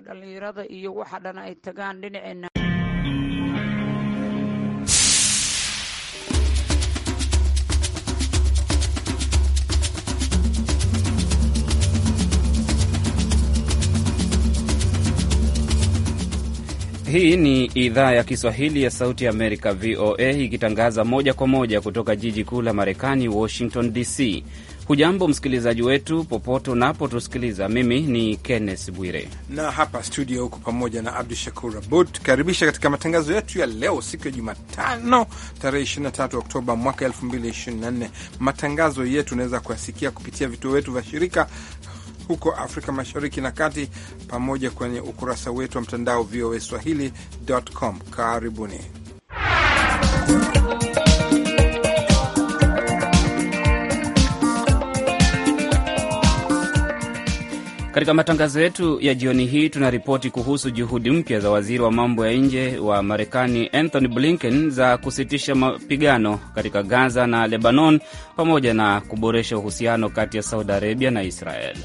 dhalinyarada iyo waxa dhan ay tagaan dhinaceena. Hii ni idhaa ya Kiswahili ya Sauti ya Amerika, VOA, ikitangaza moja kwa moja kutoka jiji kuu la Marekani, Washington DC. Hujambo msikilizaji wetu popote unapotusikiliza. Mimi ni Kenneth Bwire na hapa studio huko pamoja na Abdu Shakur Abud karibisha katika matangazo yetu ya leo, siku ya Jumatano tarehe 23 Oktoba mwaka 2024. Matangazo yetu unaweza kuyasikia kupitia vituo wetu vya shirika huko Afrika Mashariki na Kati, pamoja kwenye ukurasa wetu wa mtandao VOA Swahili.com. Karibuni Katika matangazo yetu ya jioni hii tunaripoti kuhusu juhudi mpya za waziri wa mambo ya nje wa Marekani Anthony Blinken za kusitisha mapigano katika Gaza na Lebanon pamoja na kuboresha uhusiano kati ya Saudi Arabia na Israel.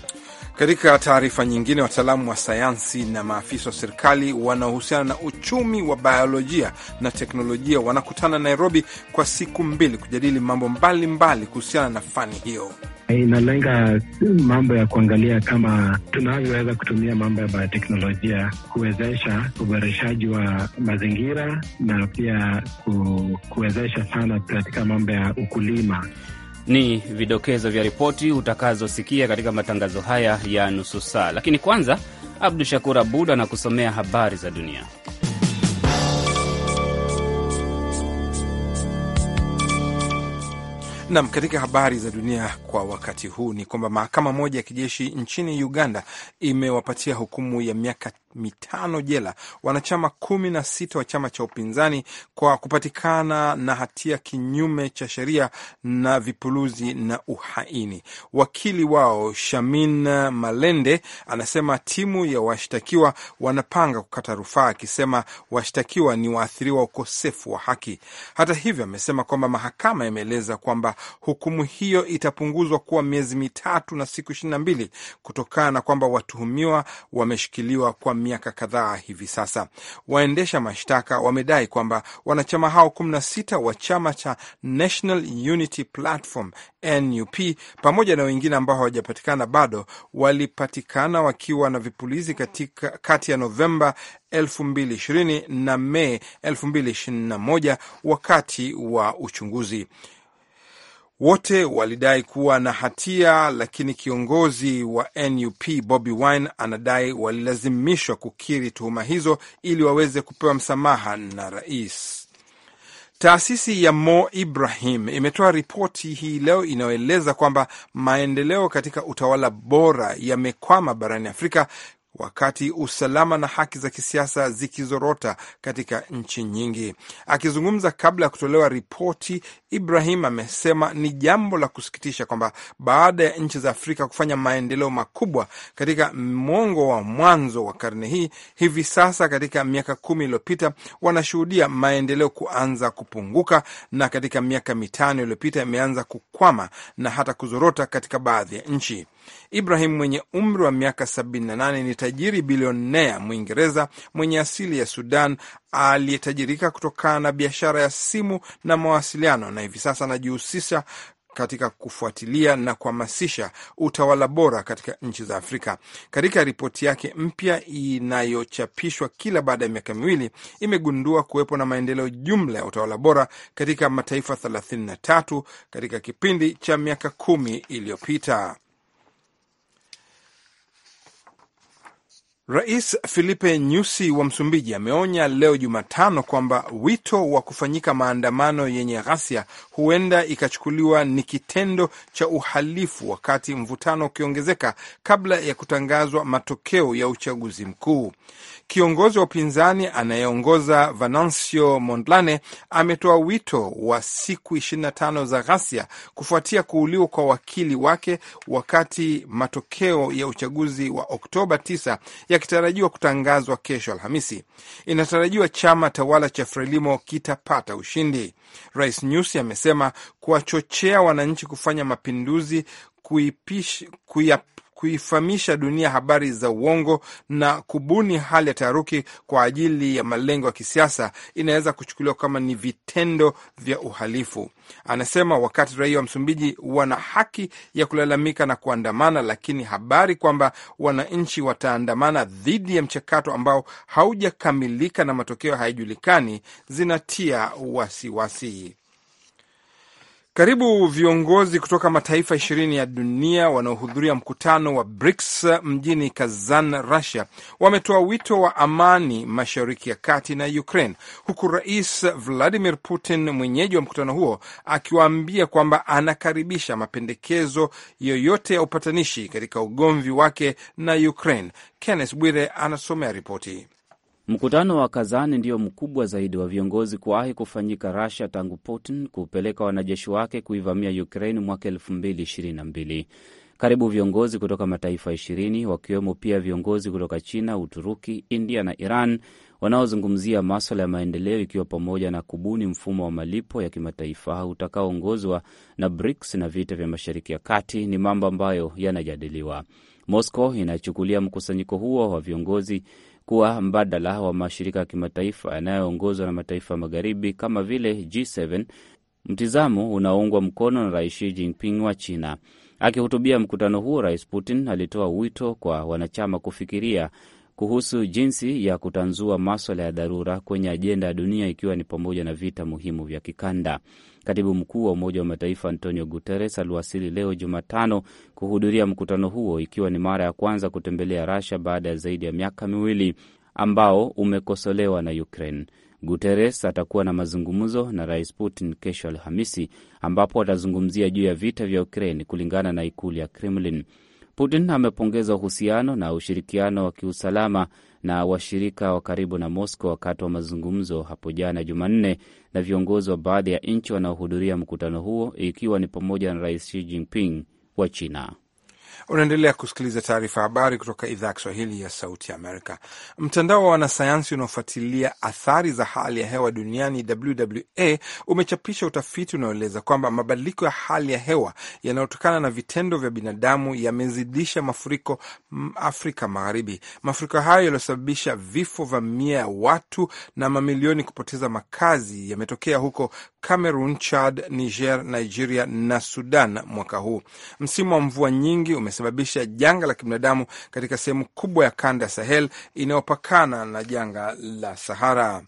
Katika taarifa nyingine, wataalamu wa sayansi na maafisa wa serikali wanaohusiana na uchumi wa biolojia na teknolojia wanakutana Nairobi kwa siku mbili kujadili mambo mbalimbali kuhusiana na fani hiyo. Inalenga mambo ya kuangalia kama tunavyoweza kutumia mambo ya bioteknolojia kuwezesha uboreshaji wa mazingira na pia kuwezesha sana katika mambo ya ukulima ni vidokezo vya ripoti utakazosikia katika matangazo haya ya nusu saa, lakini kwanza Abdu Shakur Abud anakusomea habari za dunia. Nam, katika habari za dunia kwa wakati huu ni kwamba mahakama moja ya kijeshi nchini Uganda imewapatia hukumu ya miaka mitano jela wanachama kumi na sita wa chama cha upinzani kwa kupatikana na hatia kinyume cha sheria na vipuluzi na uhaini. Wakili wao Shamin Malende anasema timu ya washtakiwa wanapanga kukata rufaa, akisema washtakiwa ni waathiriwa ukosefu wa haki. Hata hivyo, amesema kwamba mahakama imeeleza kwamba hukumu hiyo itapunguzwa kuwa miezi mitatu na siku ishirini na mbili kutokana na kwamba watuhumiwa wameshikiliwa kwa miaka kadhaa hivi sasa. Waendesha mashtaka wamedai kwamba wanachama hao 16 wa chama cha National Unity Platform NUP pamoja na wengine ambao hawajapatikana bado walipatikana wakiwa na vipulizi katika kati ya Novemba 2020 na Mei 2021 wakati wa uchunguzi. Wote walidai kuwa na hatia, lakini kiongozi wa NUP Bobi Wine anadai walilazimishwa kukiri tuhuma hizo ili waweze kupewa msamaha na rais. Taasisi ya Mo Ibrahim imetoa ripoti hii leo inayoeleza kwamba maendeleo katika utawala bora yamekwama barani Afrika wakati usalama na haki za kisiasa zikizorota katika nchi nyingi. Akizungumza kabla ya kutolewa ripoti, Ibrahim amesema ni jambo la kusikitisha kwamba baada ya nchi za Afrika kufanya maendeleo makubwa katika mwongo wa mwanzo wa karne hii, hivi sasa katika miaka kumi iliyopita wanashuhudia maendeleo kuanza kupunguka, na katika miaka mitano iliyopita imeanza kukwama na hata kuzorota katika baadhi ya nchi. Ibrahim mwenye umri wa miaka 78 ni tajiri bilionea Mwingereza mwenye asili ya Sudan aliyetajirika kutokana na biashara ya simu na mawasiliano, na hivi sasa anajihusisha katika kufuatilia na kuhamasisha utawala bora katika nchi za Afrika. Katika ripoti yake mpya inayochapishwa kila baada ya miaka miwili, imegundua kuwepo na maendeleo jumla ya utawala bora katika mataifa 33 katika kipindi cha miaka kumi iliyopita. Rais Filipe Nyusi wa Msumbiji ameonya leo Jumatano kwamba wito wa kufanyika maandamano yenye ghasia huenda ikachukuliwa ni kitendo cha uhalifu, wakati mvutano ukiongezeka kabla ya kutangazwa matokeo ya uchaguzi mkuu. Kiongozi wa upinzani anayeongoza Venancio Mondlane ametoa wito wa siku 25 za ghasia kufuatia kuuliwa kwa wakili wake wakati matokeo ya uchaguzi wa Oktoba 9 ya yakitarajiwa kutangazwa kesho Alhamisi. Inatarajiwa chama tawala cha Frelimo kitapata ushindi. Rais Nyusi amesema kuwachochea wananchi kufanya mapinduzi kuipish, kuifahamisha dunia habari za uongo na kubuni hali ya taharuki kwa ajili ya malengo ya kisiasa inaweza kuchukuliwa kama ni vitendo vya uhalifu. Anasema wakati raia wa Msumbiji wana haki ya kulalamika na kuandamana, lakini habari kwamba wananchi wataandamana dhidi ya mchakato ambao haujakamilika na matokeo hayajulikani zinatia wasiwasi wasi. Karibu viongozi kutoka mataifa ishirini ya dunia wanaohudhuria mkutano wa BRICS mjini Kazan, Russia wametoa wito wa amani mashariki ya kati na Ukraine, huku Rais Vladimir Putin, mwenyeji wa mkutano huo, akiwaambia kwamba anakaribisha mapendekezo yoyote ya upatanishi katika ugomvi wake na Ukraine. Kenneth Bwire anasomea ripoti. Mkutano wa kazani ndio mkubwa zaidi wa viongozi kuwahi kufanyika Russia tangu Putin kupeleka wanajeshi wake kuivamia Ukraine mwaka 222 Karibu viongozi kutoka mataifa 20 wakiwemo pia viongozi kutoka China, Uturuki, India na Iran wanaozungumzia maswala ya maendeleo ikiwa pamoja na kubuni mfumo wa malipo ya kimataifa utakaoongozwa na BRICS na vita vya Mashariki ya Kati ni mambo ambayo yanajadiliwa. Moscow inachukulia mkusanyiko huo wa viongozi kuwa mbadala wa mashirika ya kimataifa yanayoongozwa na mataifa ya magharibi kama vile G7, mtizamo unaoungwa mkono na Rais Xi Jinping wa China. Akihutubia mkutano huo, Rais Putin alitoa wito kwa wanachama kufikiria kuhusu jinsi ya kutanzua maswala ya dharura kwenye ajenda ya dunia ikiwa ni pamoja na vita muhimu vya kikanda. Katibu mkuu wa Umoja wa Mataifa Antonio Guterres aliwasili leo Jumatano kuhudhuria mkutano huo, ikiwa ni mara ya kwanza kutembelea rasha baada ya zaidi ya miaka miwili ambao umekosolewa na Ukraine. Guterres atakuwa na mazungumzo na Rais Putin kesho Alhamisi, ambapo atazungumzia juu ya vita vya Ukraine, kulingana na ikulu ya Kremlin. Putin amepongeza uhusiano na ushirikiano wa kiusalama na washirika wa karibu na Moscow wakati wa mazungumzo hapo jana Jumanne na viongozi wa baadhi ya nchi wanaohudhuria mkutano huo, ikiwa ni pamoja na Rais Xi Jinping wa China. Unaendelea kusikiliza taarifa habari kutoka idhaa ya Kiswahili ya Sauti Amerika. Mtandao wa wanasayansi unaofuatilia athari za hali ya hewa duniani WWA umechapisha utafiti unaoeleza kwamba mabadiliko ya hali ya hewa yanayotokana na vitendo vya binadamu yamezidisha mafuriko Afrika Magharibi. Mafuriko hayo yaliyosababisha vifo vya mia ya watu na mamilioni kupoteza makazi yametokea huko Cameroon, Chad, Niger, Nigeria na Sudan mwaka huu. Msimu wa mvua nyingi ume limesababisha janga la kibinadamu katika sehemu kubwa ya kanda ya Sahel inayopakana na janga la Sahara.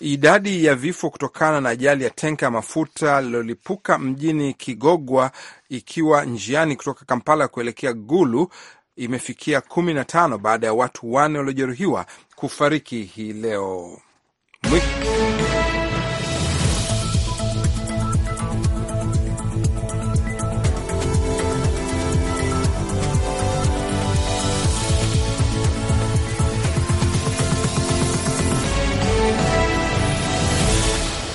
Idadi ya vifo kutokana na ajali ya tenka ya mafuta lilolipuka mjini Kigogwa ikiwa njiani kutoka Kampala kuelekea Gulu imefikia kumi na tano baada ya watu wanne waliojeruhiwa kufariki hii leo Mwiki.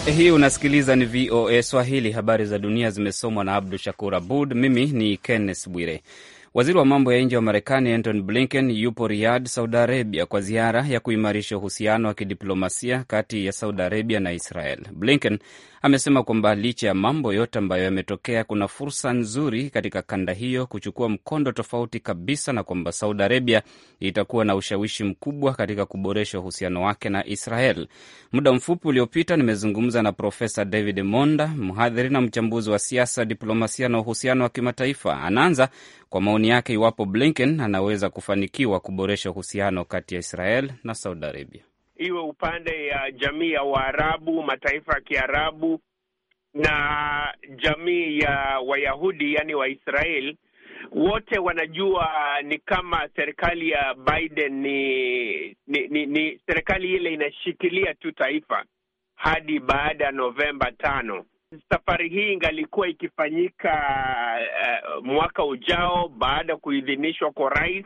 Hii unasikiliza ni VOA Swahili. Habari za dunia zimesomwa na Abdu Shakur Abud. Mimi ni Kenneth Bwire. Waziri wa mambo ya nje wa Marekani Anton Blinken yupo Riyadh, Saudi Arabia, kwa ziara ya kuimarisha uhusiano wa kidiplomasia kati ya Saudi Arabia na Israel. Blinken amesema kwamba licha ya mambo yote ambayo yametokea, kuna fursa nzuri katika kanda hiyo kuchukua mkondo tofauti kabisa, na kwamba Saudi Arabia itakuwa na ushawishi mkubwa katika kuboresha uhusiano wake na Israel. Muda mfupi uliopita nimezungumza na Profesa David Monda, mhadhiri na mchambuzi wa siasa, diplomasia na uhusiano wa kimataifa. Anaanza kwa maoni maoni yake iwapo Blinken anaweza kufanikiwa kuboresha uhusiano kati ya Israel na Saudi Arabia, iwe upande ya jamii ya Waarabu, mataifa ya Kiarabu na jamii ya Wayahudi, yaani Waisrael wote wanajua ni kama serikali ya Biden ni ni, ni, ni serikali ile inashikilia tu taifa hadi baada ya Novemba tano safari hii ingalikuwa ikifanyika uh, mwaka ujao baada ya kuidhinishwa kwa rais,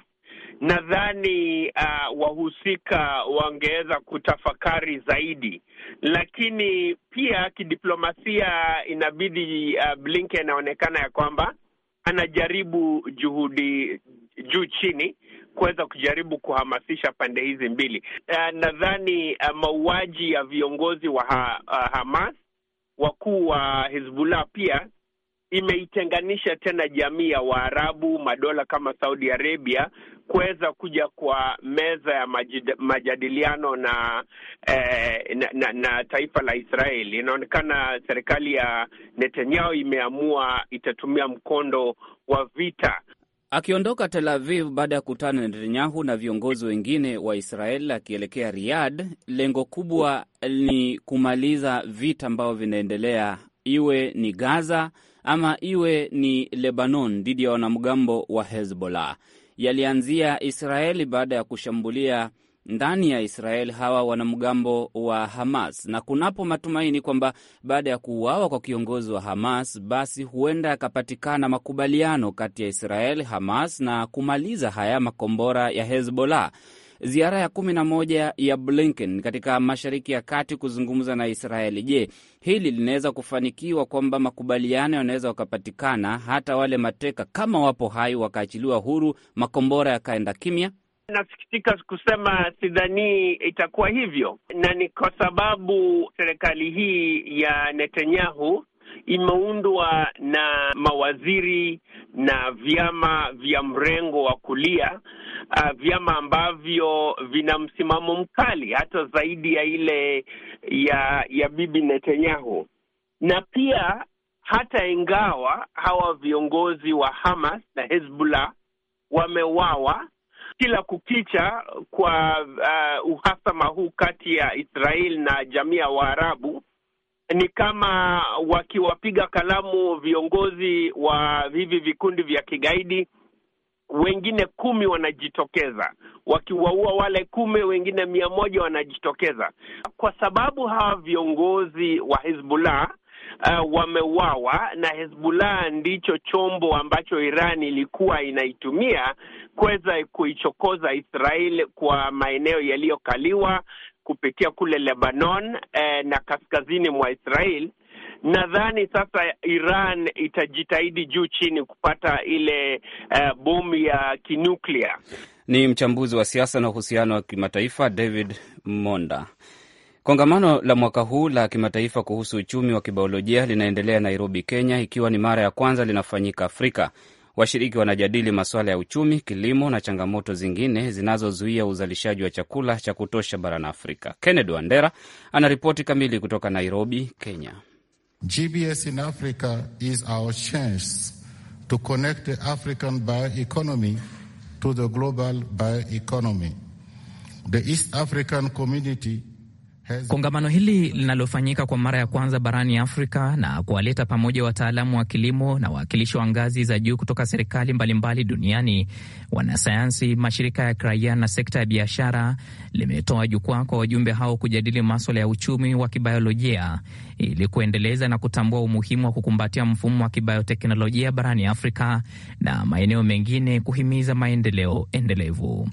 nadhani uh, wahusika wangeweza kutafakari zaidi, lakini pia kidiplomasia inabidi uh, Blinken anaonekana ya kwamba anajaribu juhudi juu chini kuweza kujaribu kuhamasisha pande hizi mbili. Uh, nadhani uh, mauaji ya viongozi wa ha, uh, Hamas wakuu wa Hizbullah pia imeitenganisha tena jamii ya Waarabu, madola kama Saudi Arabia kuweza kuja kwa meza ya majid, majadiliano na, eh, na, na na taifa la Israel. Inaonekana serikali ya Netanyahu imeamua itatumia mkondo wa vita Akiondoka Tel Aviv baada ya kukutana na Netanyahu na viongozi wengine wa Israel akielekea riad lengo kubwa ni kumaliza vita ambavyo vinaendelea, iwe ni Gaza ama iwe ni Lebanon dhidi ya wanamgambo wa Hezbollah. Yalianzia Israeli baada ya kushambulia ndani ya Israel hawa wanamgambo wa Hamas, na kunapo matumaini kwamba baada ya kuuawa kwa kiongozi wa Hamas, basi huenda yakapatikana makubaliano kati ya Israel, Hamas na kumaliza haya makombora ya Hezbollah. Ziara ya kumi na moja ya Blinken katika Mashariki ya Kati kuzungumza na Israeli. Je, hili linaweza kufanikiwa kwamba makubaliano yanaweza wakapatikana, hata wale mateka kama wapo hai wakaachiliwa huru, makombora yakaenda kimya? Nasikitika kusema sidhani itakuwa hivyo, na ni kwa sababu serikali hii ya Netanyahu imeundwa na mawaziri na vyama vya mrengo wa kulia uh, vyama ambavyo vina msimamo mkali hata zaidi ya ile ya ya bibi Netanyahu, na pia hata ingawa hawa viongozi wa Hamas na Hezbollah wamewawa kila kukicha kwa uh, uhasama huu kati ya Israel na jamii ya Waarabu ni kama wakiwapiga kalamu viongozi wa hivi vikundi vya kigaidi, wengine kumi wanajitokeza, wakiwaua wale kumi, wengine mia moja wanajitokeza, kwa sababu hawa viongozi wa Hizbullah uh, wamewawa na Hezbollah ndicho chombo ambacho Iran ilikuwa inaitumia kuweza kuichokoza Israel kwa maeneo yaliyokaliwa kupitia kule Lebanon eh, na kaskazini mwa Israel. Nadhani sasa Iran itajitahidi juu chini kupata ile uh, bomu ya kinuklia. Ni mchambuzi wa siasa na uhusiano wa kimataifa David Monda. Kongamano la mwaka huu la kimataifa kuhusu uchumi wa kibiolojia linaendelea Nairobi, Kenya, ikiwa ni mara ya kwanza linafanyika Afrika. Washiriki wanajadili masuala ya uchumi, kilimo na changamoto zingine zinazozuia uzalishaji wa chakula cha kutosha barani Afrika. Kennedy Wandera ana ripoti kamili kutoka Nairobi, Kenya. GBS in Africa is our chance to connect the African bioeconomy to the global bioeconomy. The East African community Kongamano hili linalofanyika kwa mara ya kwanza barani Afrika na kuwaleta pamoja wataalamu wa kilimo na wawakilishi wa ngazi za juu kutoka serikali mbalimbali duniani, wanasayansi, mashirika ya kiraia na sekta ya biashara, limetoa jukwaa kwa wajumbe hao kujadili maswala ya uchumi wa kibiolojia ili kuendeleza na kutambua umuhimu wa kukumbatia mfumo wa kibayoteknolojia barani Afrika na maeneo mengine kuhimiza maendeleo endelevu.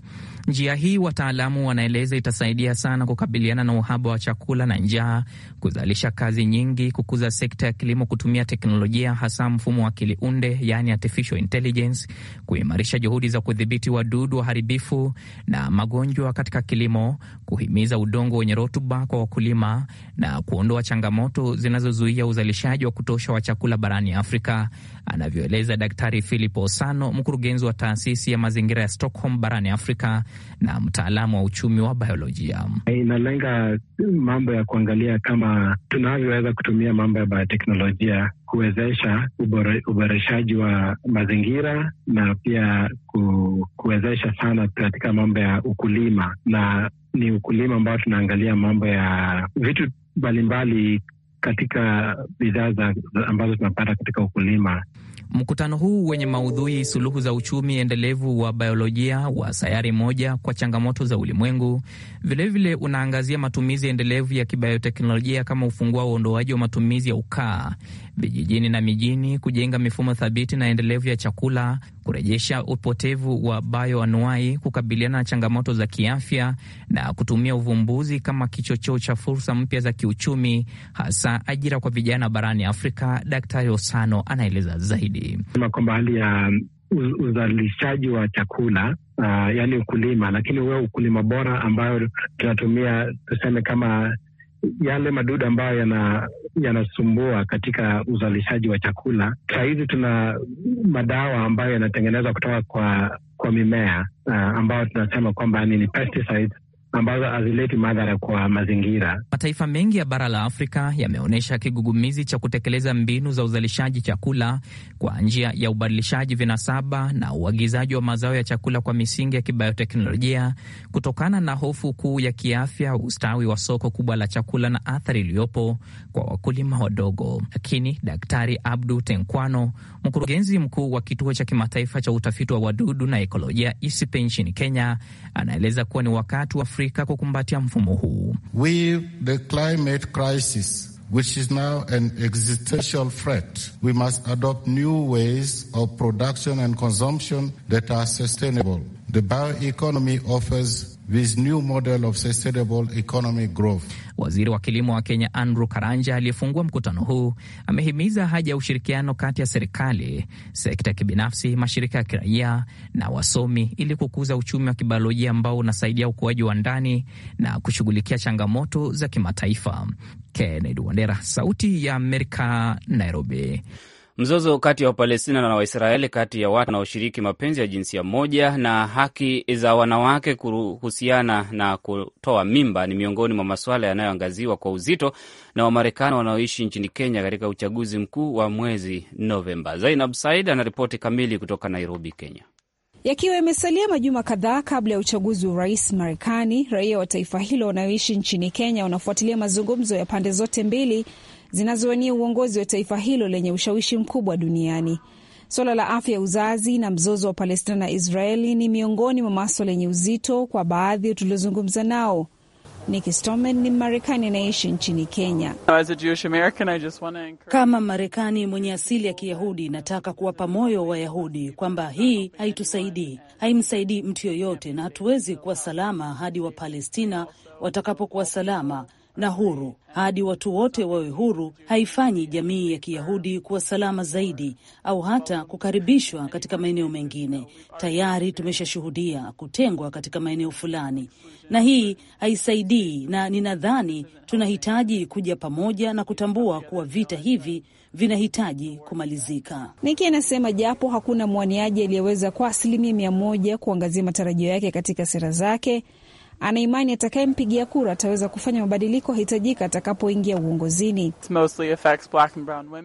Njia hii wataalamu wanaeleza itasaidia sana kukabiliana na uhaba wa chakula na njaa, kuzalisha kazi nyingi, kukuza sekta ya kilimo kutumia teknolojia, hasa mfumo wa kiliunde, yani artificial intelligence, kuimarisha juhudi za kudhibiti wadudu waharibifu na magonjwa katika kilimo, kuhimiza udongo wenye rutuba kwa wakulima na kuondoa changamoto changamoto zinazozuia uzalishaji wa kutosha wa chakula barani Afrika, anavyoeleza Daktari Philip Osano, mkurugenzi wa taasisi ya mazingira ya Stockholm barani Afrika na mtaalamu wa uchumi wa biolojia. Inalenga mambo ya kuangalia kama tunavyoweza kutumia mambo ya bioteknolojia kuwezesha uboreshaji wa mazingira na pia kuwezesha sana katika mambo ya ukulima, na ni ukulima ambao tunaangalia mambo ya vitu mbalimbali katika bidhaa ambazo tunapata katika ukulima Mkutano huu wenye maudhui suluhu za uchumi endelevu wa biolojia wa sayari moja kwa changamoto za ulimwengu, vilevile unaangazia matumizi endelevu ya kibayoteknolojia kama ufungua uondoaji wa matumizi ya ukaa vijijini na mijini, kujenga mifumo thabiti na endelevu ya chakula, kurejesha upotevu wa anuai kukabiliana na changamoto za kiafya na kutumia uvumbuzi kama kichocheo cha fursa mpya za kiuchumi, hasa ajira kwa vijana barani Afrika. Daktari Osano anaeleza zaidi zaidi. Sema kwamba hali ya uzalishaji wa chakula uh, yaani ukulima, lakini huwe ukulima bora ambayo tunatumia tuseme kama yale madudu ambayo yana yanasumbua katika uzalishaji wa chakula. Sahizi tuna madawa ambayo yanatengenezwa kutoka kwa kwa mimea uh, ambayo tunasema kwamba ni pesticides ambazo hazileti madhara kwa mazingira. Mataifa mengi ya bara la Afrika yameonyesha kigugumizi cha kutekeleza mbinu za uzalishaji chakula kwa njia ya ubadilishaji vinasaba na uagizaji wa mazao ya chakula kwa misingi ya kibayoteknolojia kutokana na hofu kuu ya kiafya, ustawi wa soko kubwa la chakula na athari iliyopo kwa wakulima wadogo. Lakini Daktari Abdu Tenkwano, mkurugenzi mkuu wa kituo cha kimataifa cha utafiti wa wadudu na ekolojia ISIPE nchini Kenya, anaeleza kuwa ni wakati wa Afrika kukumbatia mfumo huu. We the climate crisis which is now an existential threat. We must adopt new ways of production and consumption that are sustainable. The bioeconomy offers this new model of sustainable economic growth. Waziri wa kilimo wa Kenya Andrew Karanja aliyefungua mkutano huu amehimiza haja ya ushirikiano kati ya serikali, sekta ya kibinafsi, mashirika ya kiraia na wasomi ili kukuza uchumi wa kibiolojia ambao unasaidia ukuaji wa ndani na kushughulikia changamoto za kimataifa. Kennedy Wandera, Sauti ya Amerika, Nairobi. Mzozo kati ya Wapalestina na Waisraeli, kati ya watu wanaoshiriki mapenzi ya jinsia moja na haki za wanawake kuhusiana na kutoa mimba, ni miongoni mwa masuala yanayoangaziwa kwa uzito na Wamarekani wanaoishi nchini Kenya katika uchaguzi mkuu wa mwezi Novemba. Zainab Said anaripoti kamili kutoka Nairobi, Kenya. Yakiwa yamesalia majuma kadhaa kabla ya uchaguzi wa urais Marekani, raia wa taifa hilo wanaoishi nchini Kenya wanafuatilia mazungumzo ya pande zote mbili zinazowania uongozi wa taifa hilo lenye ushawishi mkubwa duniani. Suala la afya ya uzazi na mzozo wa Palestina na Israeli ni miongoni mwa maswala yenye uzito kwa baadhi tuliozungumza nao. Nikki Stoman ni Marekani anayeishi nchini Kenya. Kama Marekani mwenye asili ya Kiyahudi, nataka kuwapa moyo Wayahudi kwamba hii haitusaidii, haimsaidii mtu yoyote, na hatuwezi kuwa salama hadi Wapalestina watakapokuwa salama na huru. Hadi watu wote wawe huru, haifanyi jamii ya Kiyahudi kuwa salama zaidi au hata kukaribishwa katika maeneo mengine. Tayari tumeshashuhudia kutengwa katika maeneo fulani, na hii haisaidii, na ninadhani tunahitaji kuja pamoja na kutambua kuwa vita hivi vinahitaji kumalizika. Niki anasema japo hakuna mwaniaji aliyeweza kwa asilimia mia moja kuangazia matarajio yake katika sera zake ana imani atakayempigia kura ataweza kufanya mabadiliko hitajika atakapoingia uongozini.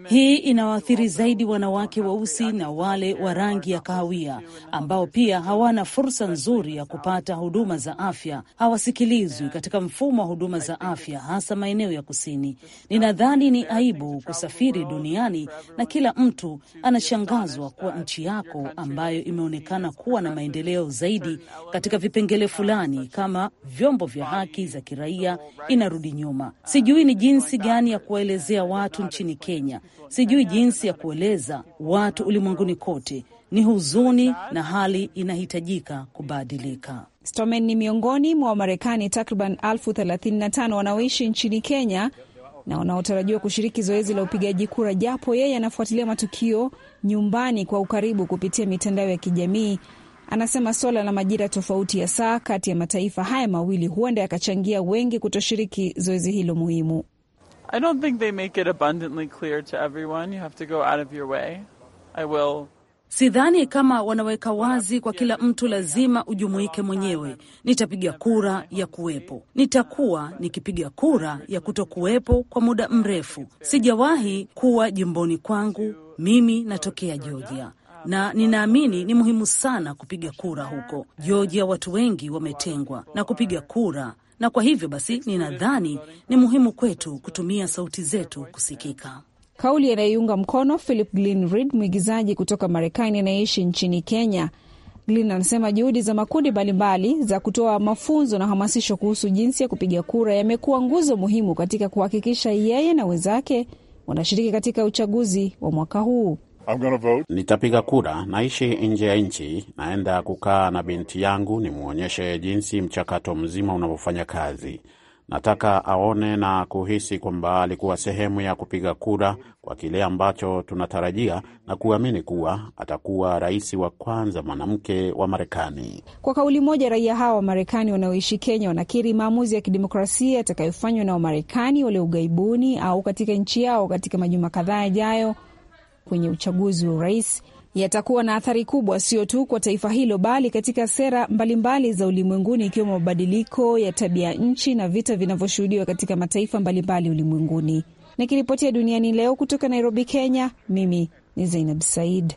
Hii inawaathiri zaidi wanawake weusi na wale wa rangi ya kahawia ambao pia hawana fursa nzuri ya kupata huduma za afya, hawasikilizwi katika mfumo wa huduma za afya, hasa maeneo ya kusini. Ninadhani ni aibu kusafiri duniani na kila mtu anashangazwa kuwa nchi yako ambayo imeonekana kuwa na maendeleo zaidi katika vipengele fulani kama vyombo vya haki za kiraia inarudi nyuma. Sijui ni jinsi gani ya kuwaelezea watu nchini Kenya, sijui jinsi ya kueleza watu ulimwenguni kote. Ni huzuni na hali inahitajika kubadilika. Stomen ni miongoni mwa Wamarekani takriban elfu 35 wanaoishi nchini Kenya na wanaotarajiwa kushiriki zoezi la upigaji kura, japo yeye anafuatilia matukio nyumbani kwa ukaribu kupitia mitandao ya kijamii Anasema suala la majira tofauti ya saa kati ya mataifa haya mawili huenda yakachangia wengi kutoshiriki zoezi hilo muhimu. I don't think they make it abundantly clear to everyone. You have to go out of your way. I will Sidhani kama wanaweka wazi kwa kila mtu, lazima ujumuike mwenyewe. Nitapiga kura ya kuwepo, nitakuwa nikipiga kura ya kutokuwepo kwa muda mrefu. Sijawahi kuwa jimboni kwangu, mimi natokea Georgia na ninaamini ni muhimu sana kupiga kura huko Georgia. Watu wengi wametengwa na kupiga kura, na kwa hivyo basi ninadhani ni muhimu kwetu kutumia sauti zetu kusikika. Kauli anayeiunga mkono Philip Glynn Reid, mwigizaji kutoka Marekani anayeishi nchini Kenya. Glynn anasema juhudi za makundi mbalimbali za kutoa mafunzo na hamasisho kuhusu jinsi ya kupiga kura yamekuwa nguzo muhimu katika kuhakikisha yeye na wenzake wanashiriki katika uchaguzi wa mwaka huu. Nitapiga kura, naishi nje ya nchi, naenda kukaa na binti yangu, nimwonyeshe jinsi mchakato mzima unavyofanya kazi. Nataka aone na kuhisi kwamba alikuwa sehemu ya kupiga kura kwa kile ambacho tunatarajia na kuamini kuwa atakuwa rais wa kwanza mwanamke wa Marekani. Kwa kauli moja, raia hawa wa Marekani wanaoishi Kenya wanakiri maamuzi ya kidemokrasia yatakayofanywa na Wamarekani walio ughaibuni au katika nchi yao katika majuma kadhaa yajayo kwenye uchaguzi wa urais yatakuwa na athari kubwa sio tu kwa taifa hilo bali katika sera mbalimbali mbali za ulimwenguni ikiwemo mabadiliko ya tabia nchi na vita vinavyoshuhudiwa katika mataifa mbalimbali ulimwenguni. Nikiripotia duniani leo kutoka Nairobi, Kenya, mimi ni Zainab Said.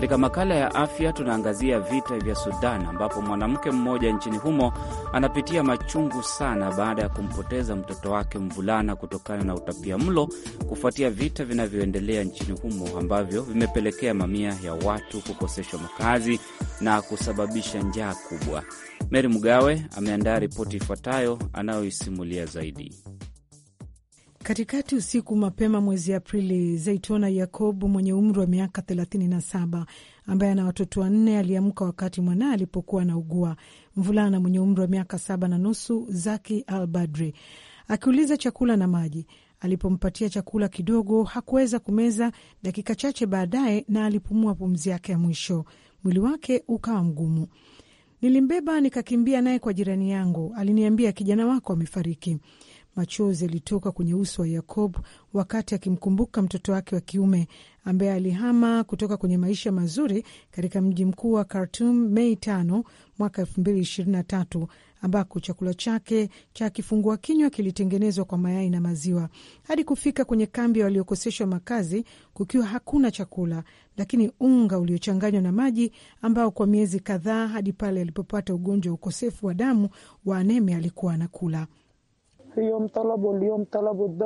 Katika makala ya afya tunaangazia vita vya Sudan ambapo mwanamke mmoja nchini humo anapitia machungu sana baada ya kumpoteza mtoto wake mvulana kutokana na utapia mlo kufuatia vita vinavyoendelea nchini humo ambavyo vimepelekea mamia ya watu kukoseshwa makazi na kusababisha njaa kubwa. Meri Mgawe ameandaa ripoti ifuatayo anayoisimulia zaidi. Katikati usiku mapema mwezi Aprili, Zaitona Yakobu mwenye umri wa miaka 37 ambaye ana watoto wanne aliamka wakati mwanaye alipokuwa anaugua. Mvulana mwenye umri wa miaka saba na nusu, Zaki Al Badri, akiuliza chakula na maji. Alipompatia chakula kidogo, hakuweza kumeza. Dakika chache baadaye, na alipumua pumzi yake ya mwisho, mwili wake ukawa mgumu. Nilimbeba nikakimbia naye kwa jirani yangu, aliniambia kijana wako amefariki. Machozi yalitoka kwenye uso wa Yakob wakati akimkumbuka mtoto wake wa kiume ambaye alihama kutoka kwenye maisha mazuri katika mji mkuu wa Khartum Mei tano mwaka elfu mbili ishirini na tatu ambako chakula chake cha kifungua kinywa kilitengenezwa kwa mayai na maziwa hadi kufika kwenye kambi ya waliokoseshwa makazi kukiwa hakuna chakula, lakini unga uliochanganywa na maji, ambao kwa miezi kadhaa hadi pale alipopata ugonjwa wa ukosefu wa damu wa aneme alikuwa anakula hiyo mtalabu mtalabu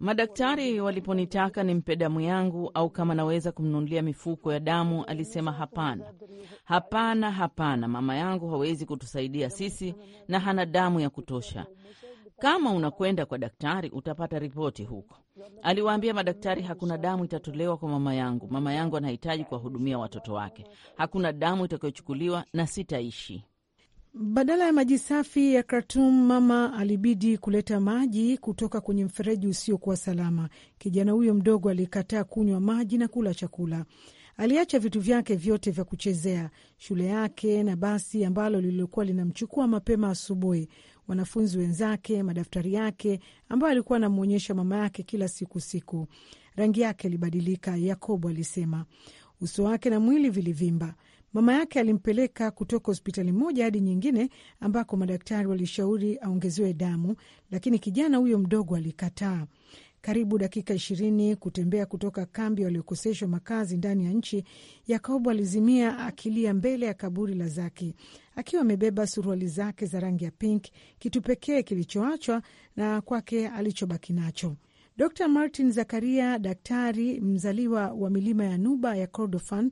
Madaktari waliponitaka nimpe damu yangu au kama naweza kumnunulia mifuko ya damu, alisema hapana, hapana, hapana, mama yangu hawezi kutusaidia sisi na hana damu ya kutosha. Kama unakwenda kwa daktari utapata ripoti huko. Aliwaambia madaktari, hakuna damu itatolewa kwa mama yangu. Mama yangu anahitaji kuwahudumia watoto wake. Hakuna damu itakayochukuliwa na sitaishi. Badala ya maji safi ya Khartum, mama alibidi kuleta maji kutoka kwenye mfereji usiokuwa salama. Kijana huyo mdogo alikataa kunywa maji na kula chakula. Aliacha vitu vyake vyote vya kuchezea, shule yake na basi ambalo lililokuwa linamchukua mapema asubuhi, wanafunzi wenzake, madaftari yake ambayo alikuwa anamwonyesha mama yake kila siku siku. Rangi yake ilibadilika, Yakobo alisema. Uso wake na mwili vilivimba. Mama yake alimpeleka kutoka hospitali moja hadi nyingine, ambako madaktari walishauri aongezewe damu, lakini kijana huyo mdogo alikataa. Karibu dakika ishirini kutembea kutoka kambi waliokoseshwa makazi ndani ya nchi, Yakobo alizimia akilia mbele ya kaburi la Zaki akiwa amebeba suruali zake za rangi ya pink, kitu pekee kilichoachwa na kwake alichobaki nacho. Dr Martin Zakaria, daktari mzaliwa wa milima ya Nuba ya Kordofan,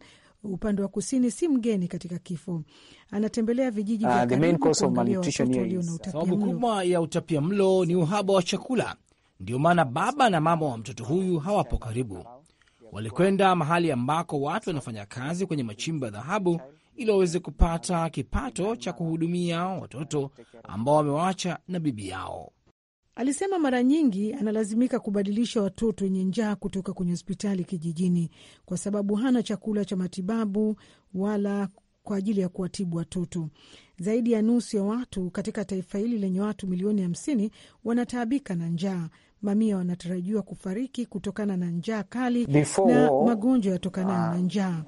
upande wa kusini si mgeni katika kifo. Anatembelea vijiji vya ah, karibu kuangalia watoto walio na utapia mlo. Sababu kubwa ya utapia mlo ni uhaba wa chakula, ndiyo maana baba na mama wa mtoto huyu hawapo karibu. Walikwenda mahali ambako watu wanafanya kazi kwenye machimbo ya dhahabu ili waweze kupata kipato cha kuhudumia watoto ambao wamewaacha na bibi yao. Alisema mara nyingi analazimika kubadilisha watoto wenye njaa kutoka kwenye hospitali kijijini kwa sababu hana chakula cha matibabu wala kwa ajili ya kuwatibu watoto. Zaidi ya nusu ya watu katika taifa hili lenye watu milioni hamsini wanataabika na njaa. Mamia wanatarajiwa kufariki kutokana na njaa kali Before na magonjwa yatokanayo uh, na njaa.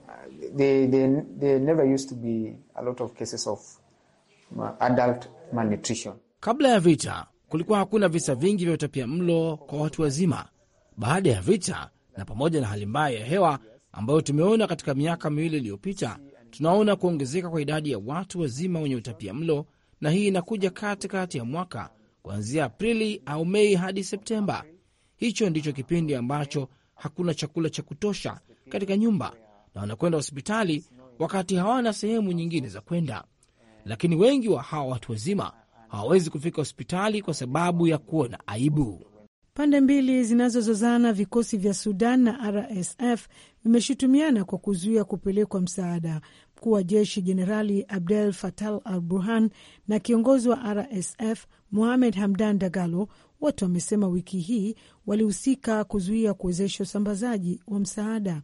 Uh, Kabla ya vita kulikuwa hakuna visa vingi vya utapia mlo kwa watu wazima baada ya vita, na pamoja na hali mbaya ya hewa ambayo tumeona katika miaka miwili iliyopita, tunaona kuongezeka kwa idadi ya watu wazima wenye utapia mlo, na hii inakuja katikati ya mwaka kuanzia Aprili au Mei hadi Septemba. Hicho ndicho kipindi ambacho hakuna chakula cha kutosha katika nyumba na wanakwenda hospitali wakati hawana sehemu nyingine za kwenda. Lakini wengi wa hawa watu wazima hawawezi kufika hospitali kwa sababu ya kuona aibu. Pande mbili zinazozozana, vikosi vya Sudan na RSF vimeshutumiana kwa kuzuia kupelekwa msaada. Mkuu wa jeshi Jenerali Abdel fatal al Burhan na kiongozi wa RSF muhamed Hamdan Dagalo wote wamesema wiki hii walihusika kuzuia kuwezesha usambazaji wa msaada.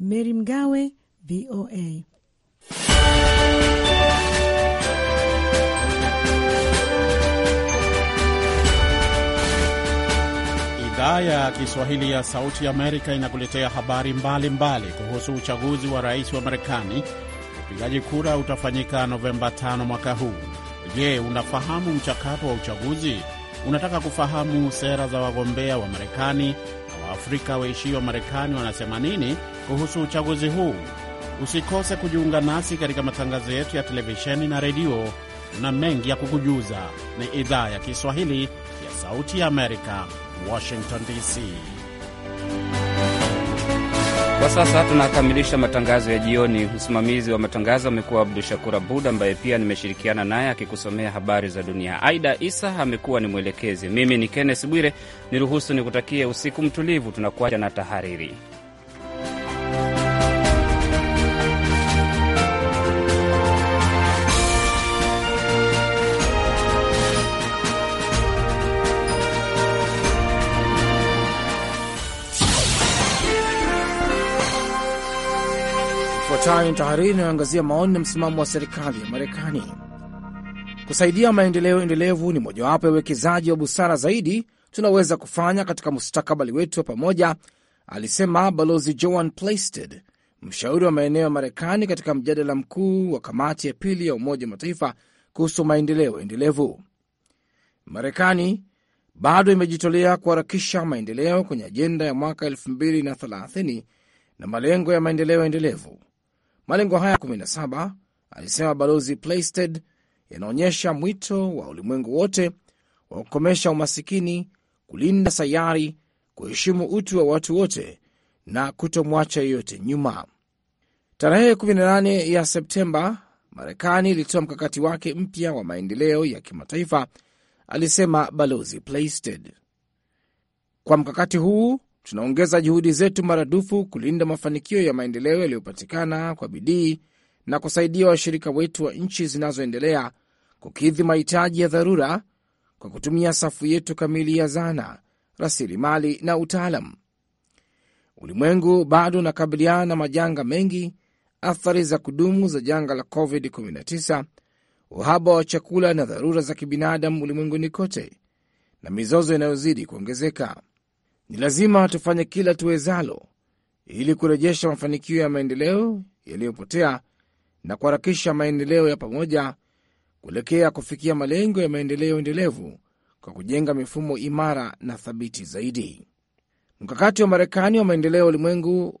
Meri Mgawe, VOA. Idhaa ya Kiswahili ya Sauti ya Amerika inakuletea habari mbalimbali mbali kuhusu uchaguzi wa rais wa Marekani. Upigaji kura utafanyika Novemba 5 mwaka huu. Je, unafahamu mchakato wa uchaguzi? Unataka kufahamu sera za wagombea wa Marekani na Waafrika waishio wa Marekani wanasema nini kuhusu uchaguzi huu? Usikose kujiunga nasi katika matangazo yetu ya televisheni na redio na mengi ya kukujuza. Ni idhaa ya Kiswahili ya Sauti ya Amerika. Washington DC. Kwa sasa tunakamilisha matangazo ya jioni. Msimamizi wa matangazo amekuwa Abdu Shakur Abud, ambaye pia nimeshirikiana naye akikusomea habari za dunia. Aida Isa amekuwa ni mwelekezi. Mimi ni Kenneth Bwire, niruhusu nikutakie usiku mtulivu. Tunakuacha na tahariri. Ifuatayo ni tahariri inayoangazia maoni na msimamo wa serikali ya Marekani. Kusaidia maendeleo endelevu ni mojawapo ya uwekezaji wa busara zaidi tunaweza kufanya katika mustakabali wetu wa pamoja, alisema Balozi Joan Plaisted, mshauri wa maeneo ya Marekani katika mjadala mkuu wa kamati ya pili ya Umoja wa Mataifa kuhusu maendeleo endelevu. Marekani bado imejitolea kuharakisha maendeleo kwenye ajenda ya mwaka 2030 na malengo ya maendeleo endelevu Malengo haya 17 alisema Balozi Plaisted, yanaonyesha mwito wa ulimwengu wote wa kukomesha umasikini, kulinda sayari, kuheshimu utu wa watu wote na kutomwacha yeyote nyuma. Tarehe 18 ya Septemba, Marekani ilitoa mkakati wake mpya wa maendeleo ya kimataifa, alisema Balozi Plaisted. Kwa mkakati huu tunaongeza juhudi zetu maradufu kulinda mafanikio ya maendeleo yaliyopatikana kwa bidii na kusaidia washirika wetu wa nchi zinazoendelea kukidhi mahitaji ya dharura kwa kutumia safu yetu kamili ya zana, rasilimali na utaalam. Ulimwengu bado unakabiliana na majanga mengi, athari za kudumu za janga la COVID-19, uhaba wa chakula na dharura za kibinadamu ulimwenguni kote, na mizozo inayozidi kuongezeka. Ni lazima tufanye kila tuwezalo ili kurejesha mafanikio ya maendeleo yaliyopotea na kuharakisha maendeleo ya pamoja kuelekea kufikia malengo ya maendeleo endelevu kwa kujenga mifumo imara na thabiti zaidi. Mkakati wa Marekani wa maendeleo ulimwengu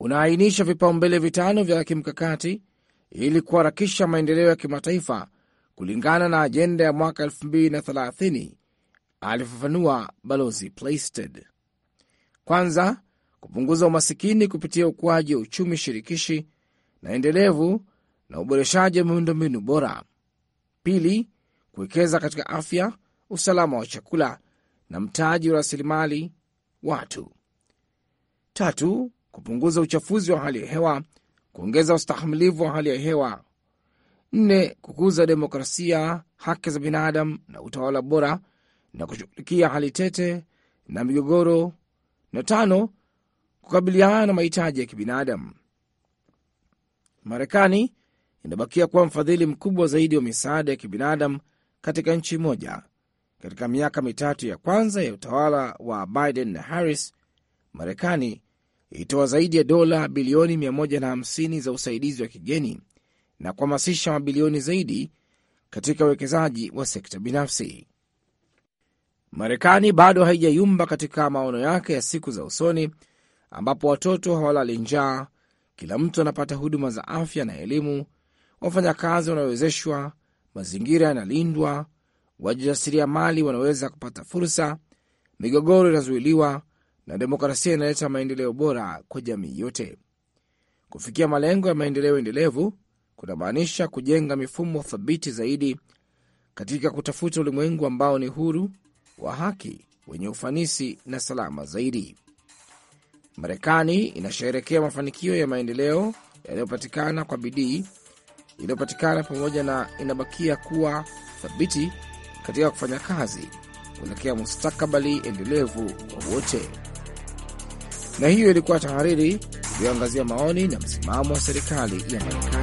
unaainisha vipaumbele vitano vya kimkakati ili kuharakisha maendeleo ya kimataifa kulingana na ajenda ya mwaka 2030, alifafanua Balozi Plaisted. Kwanza, kupunguza umasikini kupitia ukuaji wa uchumi shirikishi na endelevu na uboreshaji wa miundombinu bora. Pili, kuwekeza katika afya, usalama wa chakula na mtaji wa rasilimali watu. Tatu, kupunguza uchafuzi wa hali ya hewa, kuongeza ustahimilivu wa hali ya hewa. Nne, kukuza demokrasia, haki za binadamu na utawala bora na kushughulikia hali tete na migogoro na tano, kukabiliana na mahitaji ya kibinadamu. Marekani inabakia kuwa mfadhili mkubwa zaidi wa misaada ya kibinadamu katika nchi moja. Katika miaka mitatu ya kwanza ya utawala wa Biden na Harris, Marekani ilitoa zaidi ya dola bilioni 150 za usaidizi wa kigeni na kuhamasisha mabilioni zaidi katika uwekezaji wa sekta binafsi. Marekani bado haijayumba katika maono yake ya siku za usoni, ambapo watoto hawalali njaa, kila mtu anapata huduma za afya na elimu, wafanyakazi wanawezeshwa, mazingira yanalindwa, wajasiriamali wanaweza kupata fursa, migogoro inazuiliwa na demokrasia inaleta maendeleo bora kwa jamii yote. Kufikia malengo ya maendeleo endelevu kunamaanisha kujenga mifumo thabiti zaidi katika kutafuta ulimwengu ambao ni huru, wa haki wenye ufanisi na salama zaidi. Marekani inasheherekea mafanikio ya maendeleo yaliyopatikana kwa bidii iliyopatikana pamoja na inabakia kuwa thabiti katika kufanya kazi kuelekea mustakabali endelevu kwa wote. Na hiyo ilikuwa tahariri iliyoangazia maoni na msimamo wa serikali ya Marekani.